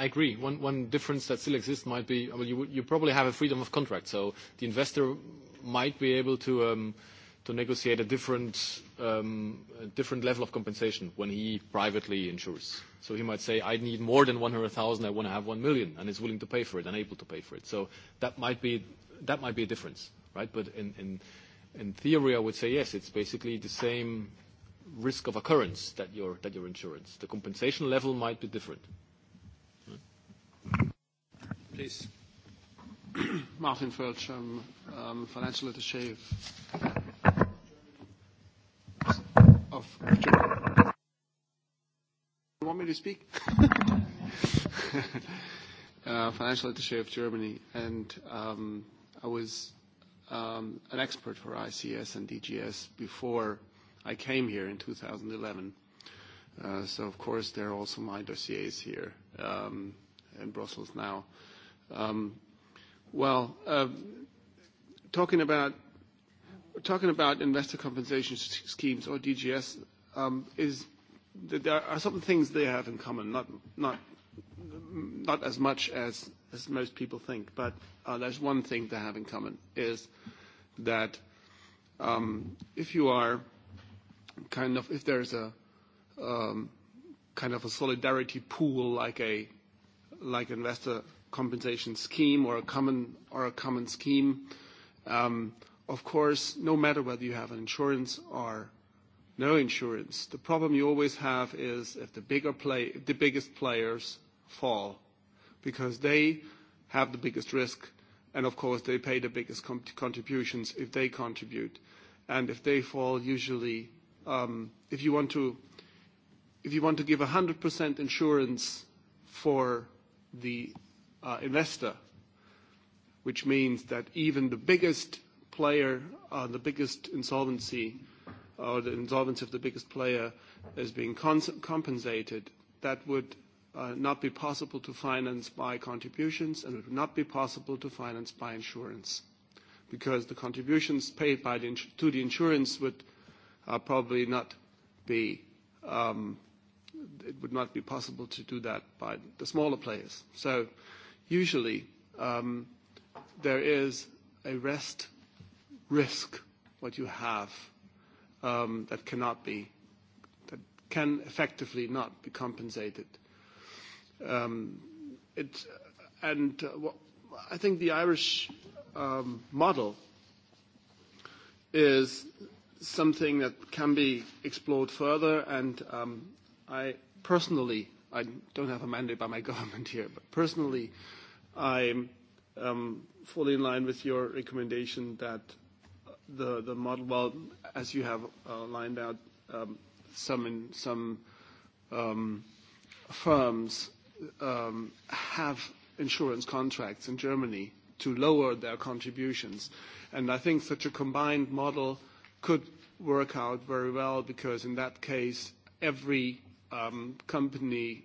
I agree. One difference that still exists might be, well, you probably have a freedom of contract, so the investor might be able to negotiate a different level of compensation when he privately insures. So he might say, I need more than 100,000, I want to have 1 million, and is willing to pay for it and able to pay for it. So that might be a difference, right? But in theory, I would say, yes, it's basically the same risk of occurrence that your insurance. The compensation level might be different. Please. Martin Fölsch, financial attaché of Germany. want me to speak? financial attaché of Germany, and I was an expert for ICS and DGS before I came here in 2011. so, of course, there are also my dossiers here in Brussels now. Well, talking about talking about investor compensation schemes or DGS is there are some things they have in common, not not not as much as most people think, but there's one thing they have in common is that if you are kind of if there's a kind of a solidarity pool like a like investor compensation scheme or a common or a common scheme. Of course, no matter whether you have an insurance or no insurance, the problem you always have is if the bigger the biggest players fall, because they have the biggest risk, and of course they pay the biggest contributions if they contribute, and if they fall, usually, if you if you want to give 100% insurance for the investor, which means that even the biggest player, the biggest insolvency, or the insolvency of the biggest player is being compensated. That would not be possible to finance by contributions, and it would not be possible to finance by insurance, because the contributions paid to the insurance would probably not be it would not be possible to do that by the smaller players. So usually there is a rest risk, what you have, that cannot be, that can effectively not be compensated. and I think the Irish model is something that can be explored further, and I personally, I don't have a mandate by my government here, but personally, I am fully in line with your recommendation that the model, well, as you have lined out, some some firms have insurance contracts in Germany to lower their contributions. And I think such a combined model could work out very well because in that case, every company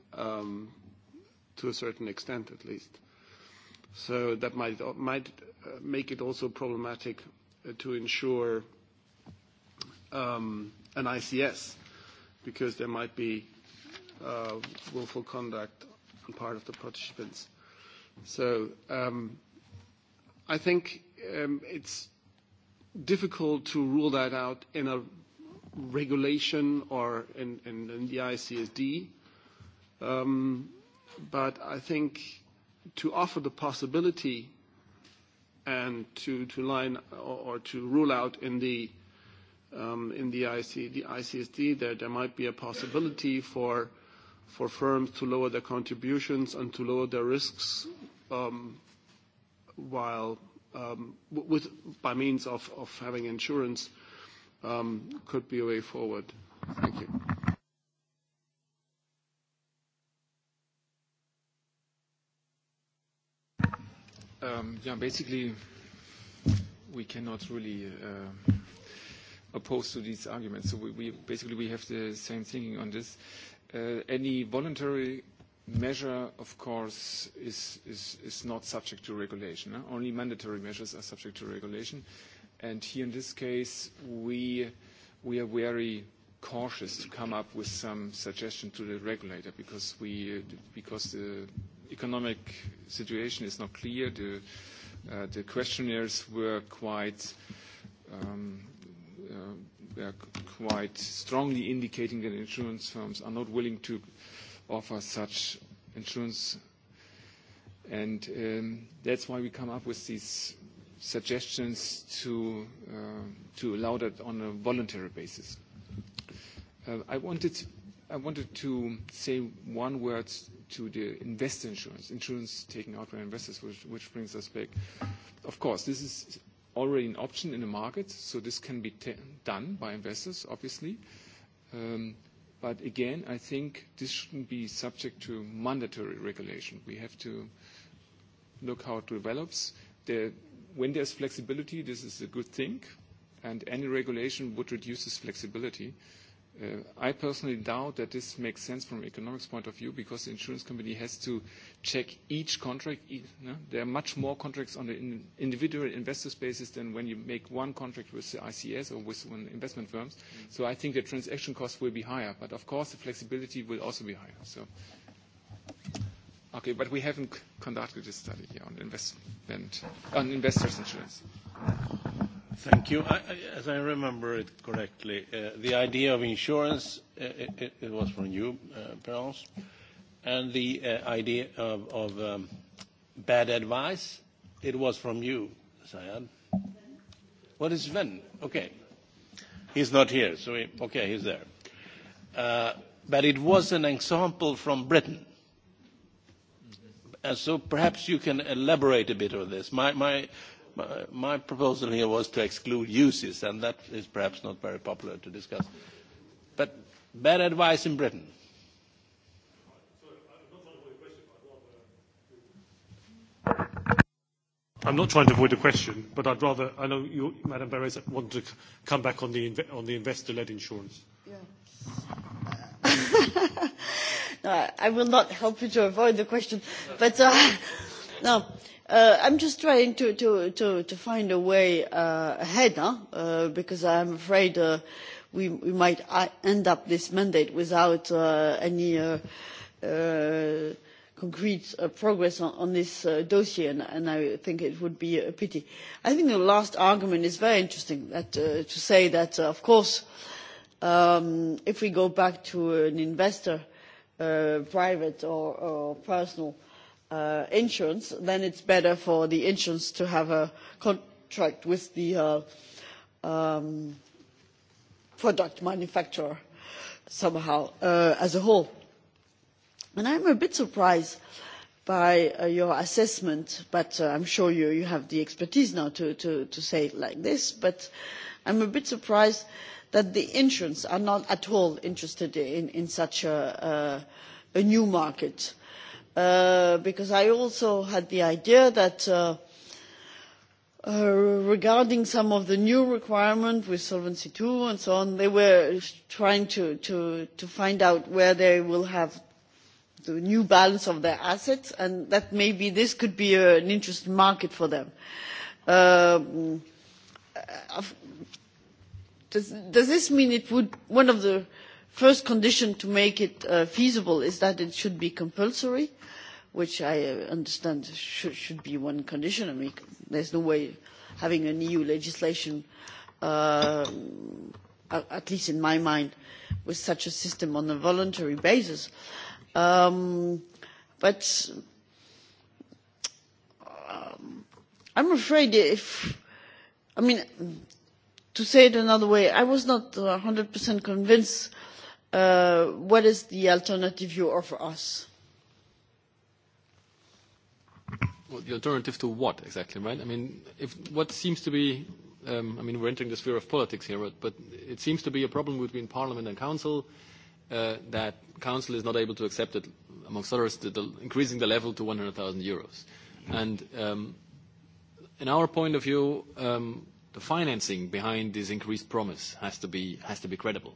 to a certain extent at least. So that might make it also problematic to ensure an ICS because there might be willful conduct on part of the participants. So I think it's difficult to rule that out in a regulation or in the ICSD But I think to offer the possibility and to to line or to rule out in the in the ICSD that there might be a possibility for for firms to lower their contributions and to lower their risks while with by means of of having insurance could be a way forward. Thank you. Yeah, basically, we cannot really oppose to these arguments. So we basically we have the same thinking on this. Any voluntary measure, of course, is not subject to regulation. Only mandatory measures are subject to regulation. And here in this case, we are very cautious to come up with some suggestion to the regulator because the economic situation is not clear. The questionnaires were quite quite strongly indicating that insurance firms are not willing to offer such insurance. And that's why we come up with these suggestions to allow that on a voluntary basis. I wanted to say one word to the investor insurance, insurance taken out by investors, which brings us back. Of course, this is already an option in the market, so this can be done by investors, obviously. But again, I think this shouldn't be subject to mandatory regulation. We have to look how it develops. When there's flexibility, this is a good thing, and any regulation would reduce this flexibility. I personally doubt that this makes sense from an economics point of view because the insurance company has to check each contract. There are much more contracts on an individual investor's basis than when you make one contract with the ICS or with investment firms. So I think the transaction costs will be higher, but of course the flexibility will also be higher. okay, but we haven't conducted this study here on investment on investors insurance. Thank you. As I remember it correctly, the idea of insurance, it was from you, Perance, and the idea of bad advice, it was from you, Sayad. What is Sven? Okay. He's not here, so okay, he's there. But it was an example from Britain. And so perhaps you can elaborate a bit on this. My my proposal here was to exclude uses, and that is perhaps not very popular to discuss. But bad advice in Britain. I'm not trying to avoid a question, but I'd rather, I know you, Madam Beres, want to come back on the, on the investor-led insurance. I will not help you to avoid the question, but no I'm just trying to find a way ahead, because I'm am afraid we might end up this mandate without any concrete progress on this dossier, and I think it would be a pity. I think the last argument is very interesting, that to say that of course, if we go back to an investor, private or personal insurance then it's better for the insurance to have a contract with the product manufacturer somehow as a whole. and i'm a bit surprised by your assessment but i'm sure you have the expertise now to say it like this but i'm a bit surprised that the insurance are not at all interested in such a new market because I also had the idea that regarding some of the new requirements with Solvency II and so on, they were trying to find out where they will have the new balance of their assets and that maybe this could be an interesting market for them. Does this mean it would one of the first condition to make it feasible is that it should be compulsory, which I understand should be one condition. I mean, there's no way having an EU legislation, at least in my mind, with such a system on a voluntary basis. But I'm afraid if, I mean, to say it another way, I was not 100% convinced What is the alternative you offer us? Well, the alternative to what exactly, right? I mean, if what seems to be, I mean, we're entering the sphere of politics here, but it seems to be a problem between Parliament and Council that Council is not able to accept it, amongst others, increasing the level to 100,000 euros. And in our point of view, the financing behind this increased promise has to be has to be credible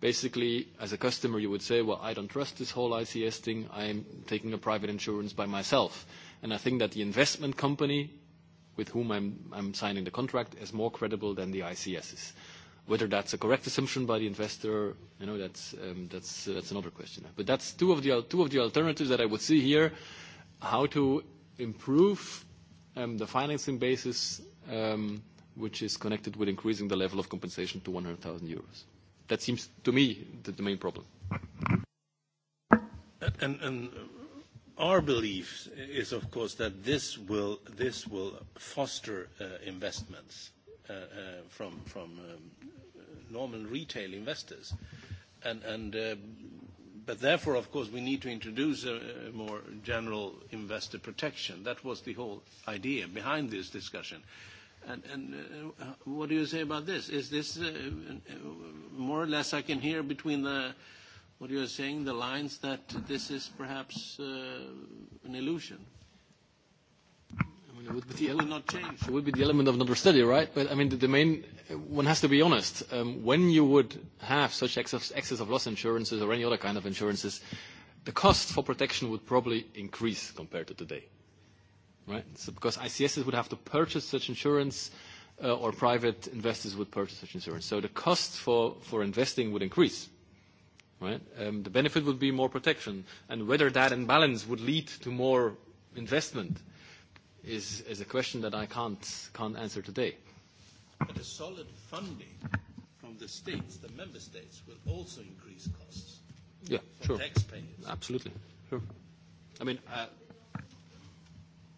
basically, as a customer, you would say, well, I don't trust this whole ICS thing. I'm taking a private insurance by myself. And I think that the investment company with whom I'm signing the contract is more credible than the ICSs. Whether that's a correct assumption by the investor, you know, that's another question. But that's two of the alternatives that I would see here, how to improve the financing basis, which is connected with increasing the level of compensation to 100,000 euros. That seems to me the main problem. And our belief is, of course, that this will foster investments from from normal retail investors, and but therefore, of course, we need to introduce a more general investor protection. That was the whole idea behind this discussion And what do you say about this? Is this more or less I can hear between the what you are saying, the lines that this is perhaps an illusion? It would be the element of another study, right? But I mean, the main one has to be honest. When you would have such excess of loss insurances or any other kind of insurances, the cost for protection would probably increase compared to today right? So because ICSs would have to purchase such insurance or private investors would purchase such insurance. So the cost for, investing would increase. Right? the benefit would be more protection. And whether that imbalance would lead to more investment is, a question that I can't, answer today. But a solid funding from the states, the member states, will also increase costs. Yeah, taxpayers. Absolutely. Sure. I mean,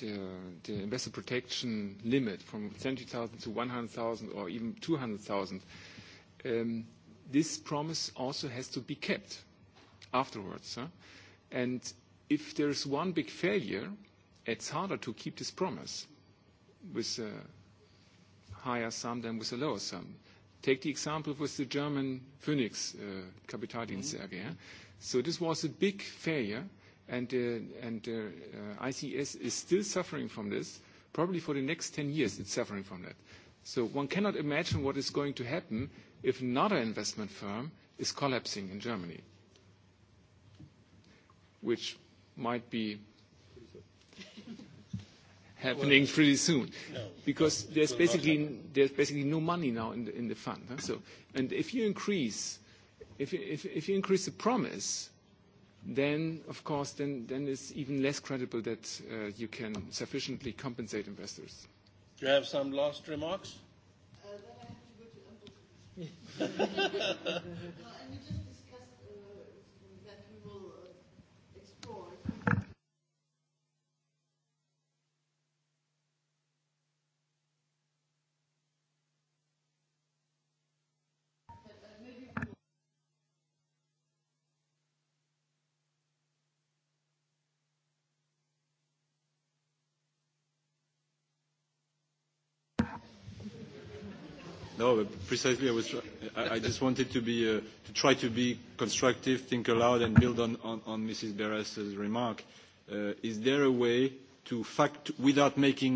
the investor protection limit from 70,000 to 100,000 or even 200,000, this promise also has to be kept afterwards. And if there is one big failure, it's harder to keep this promise with a higher sum than with a lower sum. Take the example with the German Phoenix AG. So this was a big failure and ICS is still suffering from this. Probably for the next 10 years, it's suffering from that. So one cannot imagine what is going to happen if another investment firm is collapsing in Germany, which might be happening pretty soon, because there's basically there's basically no money now in the fund. So, and if you increase, if if you increase the promise then, of course, then it's even less credible that you can sufficiently compensate investors. Do you have some last remarks? No, precisely, I was. I just wanted to be to try to be constructive, think aloud, and build on Mrs. Beres' remark. Is there a way to fact without making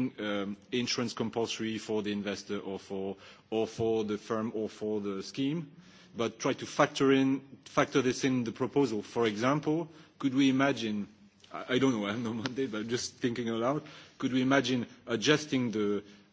insurance compulsory for the investor or for or for the firm or for the scheme, but try to factor in factor this in the proposal? For example, could we imagine? I don't know. I have no mandate, but just thinking aloud. Could we imagine adjusting the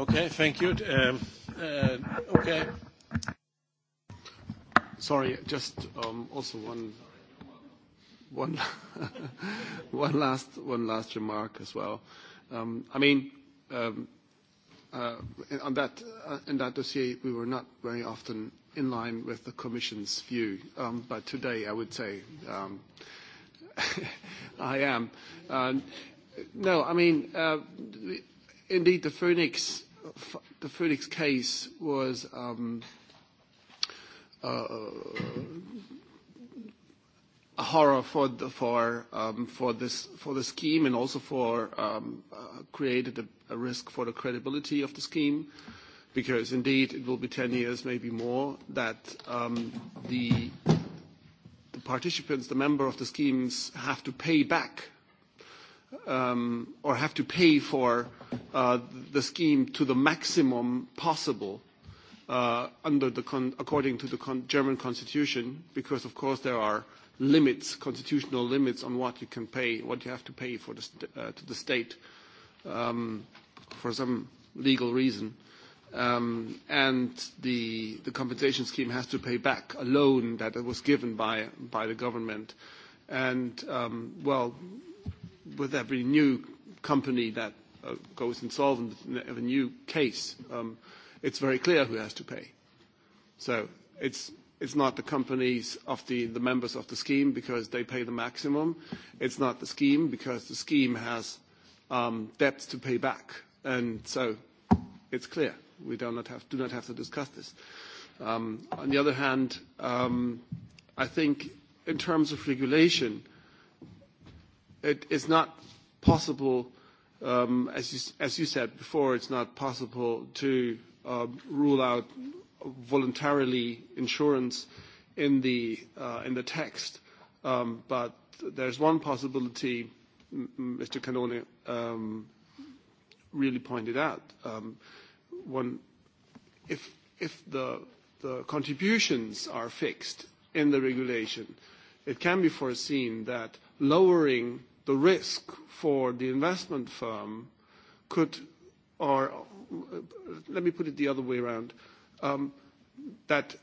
Okay, thank you. Okay. Sorry, just also one one one last one last remark as well. I mean, on that in that dossier, we were not very often in line with the Commission's view, but today I would say I am. No, I mean, indeed, the Phoenix the Phoenix case was a horror for the for for this for the scheme and also for um created a risk for the credibility of the scheme because indeed it will be 10 years maybe more that the the participants the member of the schemes have to pay back or have to pay for the scheme to the maximum possible under the according to the German constitution because of course there are limits constitutional limits on what you can pay what you have to pay for to the state for some legal reason and the the compensation scheme has to pay back a loan that was given by by the government and well with every new company that goes insolvent of a new case, it's very clear who has to pay. So it's it's not the companies of the the members of the scheme because they pay the maximum. It's not the scheme because the scheme has debts to pay back, and so it's clear. We do not have do not have to discuss this. On the other hand, I think in terms of regulation it is not possible, as you said before, it's not possible to rule out voluntarily insurance in the in the text. But there's one possibility, Mr. Canone really pointed out. One, if if the the contributions are fixed in the regulation, it can be foreseen that lowering the risk for the investment firm could, or let me put it the other way around, that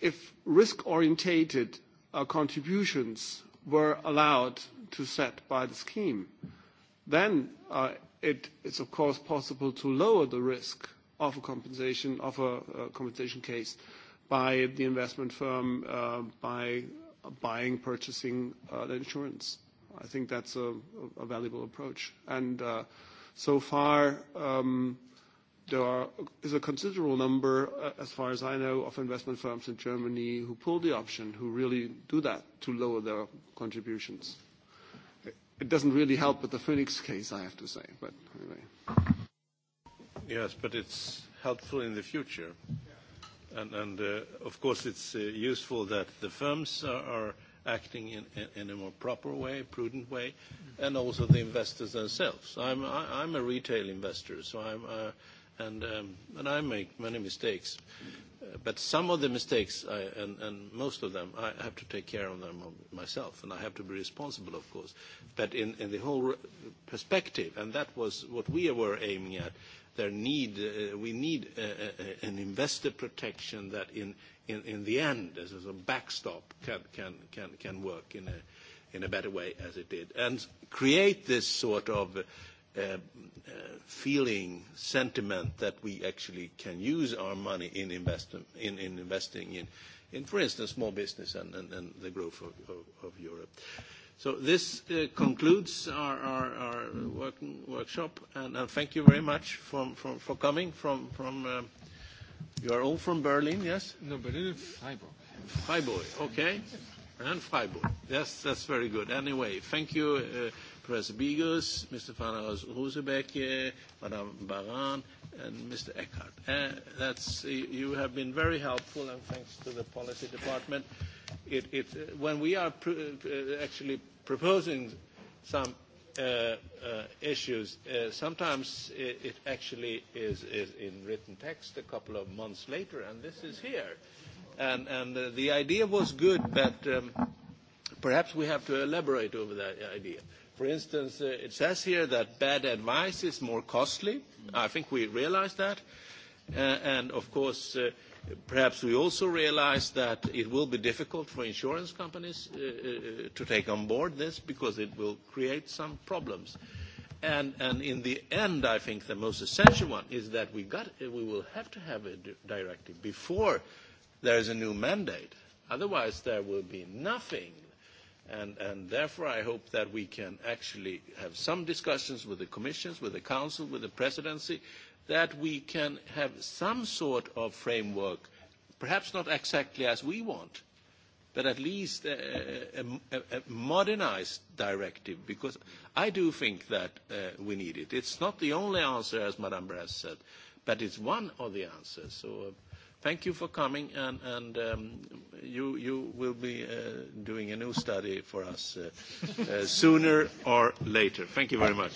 if risk-orientated contributions were allowed to set by the scheme, then it is, of course, possible to lower the risk of a compensation of a compensation case by the investment firm by buying, purchasing the insurance. I think that's a valuable approach. And so far, there is a considerable number, as far as I know, of investment firms in Germany who pull the option, who really do that to lower their contributions. It doesn't really help with the Phoenix case, I have to say, but Yes, but it's helpful in the future. And, of course, it's useful that the firms are acting in, in a more proper way, prudent way, and also the investors themselves. I'm, I, I'm a retail investor, so I'm, and, and I make many mistakes. But some of the mistakes, and, most of them, I have to take care of them myself, and I have to be responsible, of course. But in the whole perspective, and that was what we were aiming at, there need we need an investor protection that in in the end as a backstop can can can work in a in a better way as it did and create this sort of feeling sentiment that we actually can use our money in in investing in in for instance small business and and the growth of Europe So this concludes our workshop, and thank you very much for coming from. You are all from Berlin, yes? No, Berlin, Freiburg. Freiburg, okay. And Freiburg. Yes, that's very good. Anyway, thank you, Professor Bigus, Mr. van Madame Baran, and Mr. Eckhart. That's, you have been very helpful, and thanks to the policy department. It, when we are actually proposing some issues, sometimes it actually is in written text a couple of months later, and this is here. And the idea was good, but perhaps we have to elaborate over that idea. For instance, it says here that bad advice is more costly. I think we realize that. And, of course, Perhaps we also realize that it will be difficult for insurance companies to take on board this because it will create some problems. And in the end, I think the most essential one is that we will have to have a directive before there is a new mandate. Otherwise, there will be nothing. And therefore, I hope that we can actually have some discussions with the Commissions, with the Council, with the Presidency that we can have some sort of framework, perhaps not exactly as we want, but at least a modernized directive, because I do think that we need it. It's not the only answer, as Madame Brass said, but it's one of the answers. So thank you for coming, and you will be doing a new study for us sooner or later. Thank you very much.